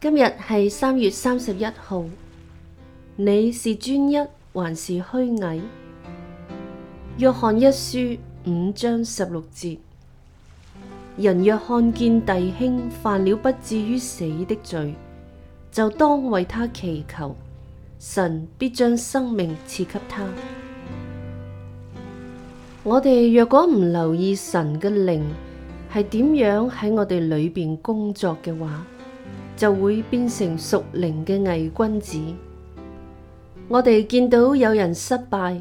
今日係三月三十一號。你是專一還是虛偽？約翰一書五章十六節：人若看見弟兄犯了不至於死的罪，就當為他祈求，神必將生命賜給他。我哋若果唔留意神嘅靈係點樣喺我哋裏面工作嘅話，就會變成屬靈嘅偽君子。我哋見到有人失敗，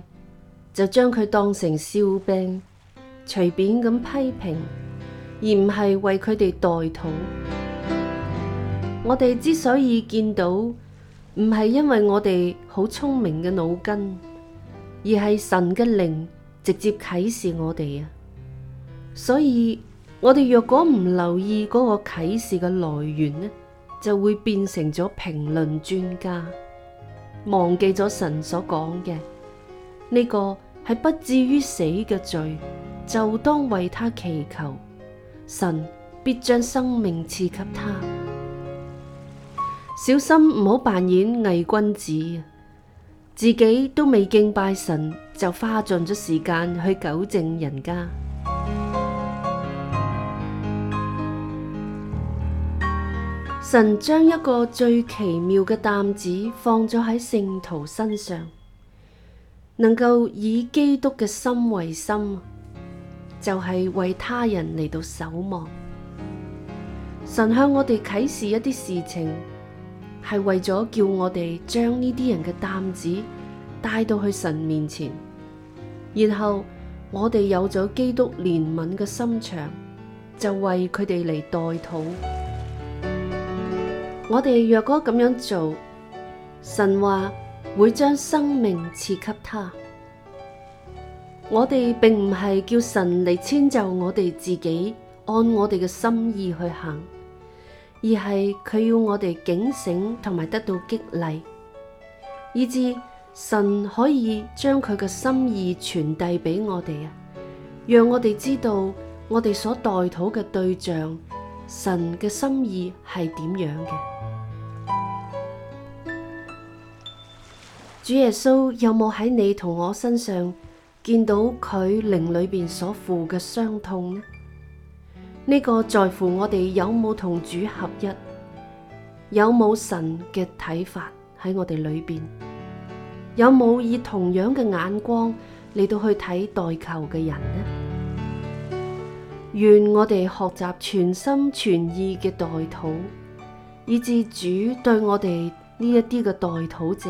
就將佢當成笑柄，隨便咁批評，而唔係為佢哋代禱。我哋之所以見到，唔係因為我哋好聰明嘅腦筋，而係神嘅靈直接啟示我哋啊。所以我哋若果唔留意嗰個啟示嘅來源呢，就會變成咗評論專家，忘記咗神所講嘅。呢個係不至於死嘅罪，就當為他祈求，神必將生命賜給他。小心唔好扮演偽君子，自己都未敬拜神，就花盡咗時間去糾正人家。神將一個最奇妙嘅擔子放咗喺聖徒身上，能夠以基督嘅心為心，就係為他人嚟到守望。神向我哋啟示一啲事情，係為咗叫我哋將呢啲人嘅擔子帶到去神面前，然後我哋有咗基督憐憫嘅心腸，就為佢哋嚟代禱。我哋若果咁樣做，神話會將生命賜給他。我哋並唔係叫神嚟遷就我哋自己，按我哋嘅心意去行，而係佢要我哋警醒同埋得到激勵，以至神可以將佢嘅心意傳遞俾我哋啊，讓我哋知道我哋所代禱嘅對象，神嘅心意係點樣嘅。主耶穌有冇喺你同我身上見到佢靈裏邊所負嘅傷痛呢？呢個在乎我哋有冇同主合一，有冇神嘅睇法喺我哋裏邊，有冇以同樣嘅眼光嚟到去睇代求嘅人呢？願我哋學習全心全意嘅代禱，以至主對我哋呢一啲嘅代禱者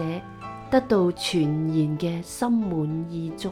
得到全然嘅心滿意足。